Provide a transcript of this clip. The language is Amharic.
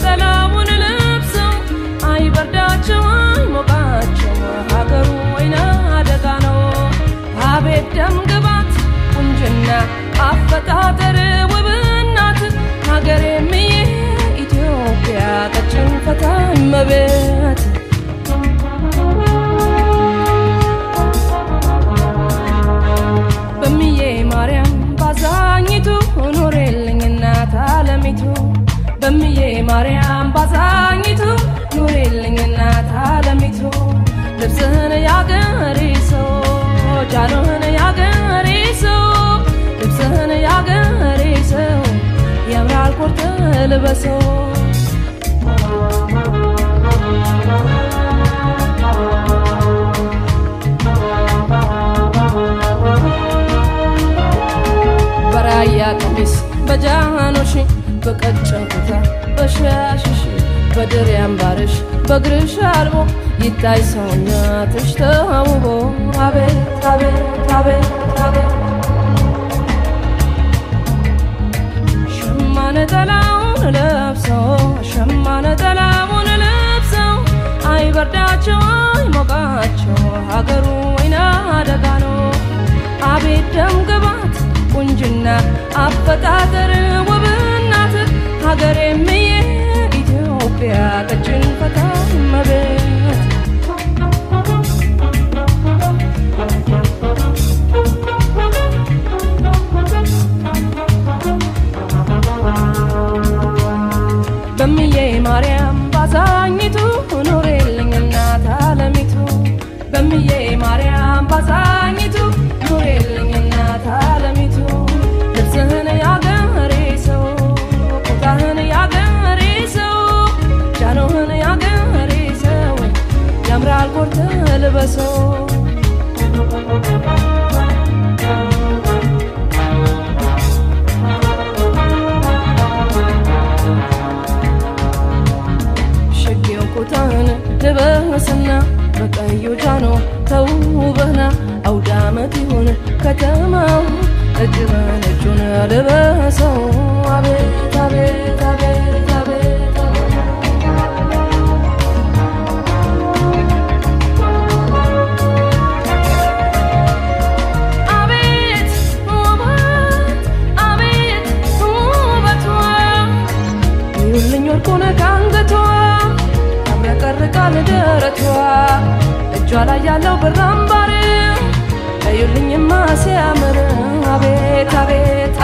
I. ማርያም ባዛኝቱ ኑሪልኝ እናት አለሚቱ ልብስህን ያገሪ ሰው ጃኖህን ያገሪ ሰው ልብስህን ያገሪ ሰው የምራል ቁርት ልበሶ በራያ ቀሚስ በጃኖሽ በቀጭን ኩታ በሻሽሽ በድር ያምባርሽ በእግርሽ አልቦ ይታይ ሰውነትሽ ተውቦ አቤት አቤት አቤት አቤት ሸማ ነጠላውን ለብሰው ሸማ ነጠላውን ለብሰው አይበርዳቸው አይሞቃቸው ሀገሩ ወይና አደጋ ነው። አቤት ደም ግባት ቁንጅና አፈጣጠር ሀገሬም የኢትዮጵያ ቀጭ ሞራል ቆርጥ ልበሰው ሽጌው ኩታን ልበስና በቀዩ ጃኖ ተውበህና አውዳመት ይሁን ከተማው እጅ በነጁን ልበ ደረቷ እጇ ላይ ያለው ብር አምባር እዩልኝማ ሲያምር አቤት አቤት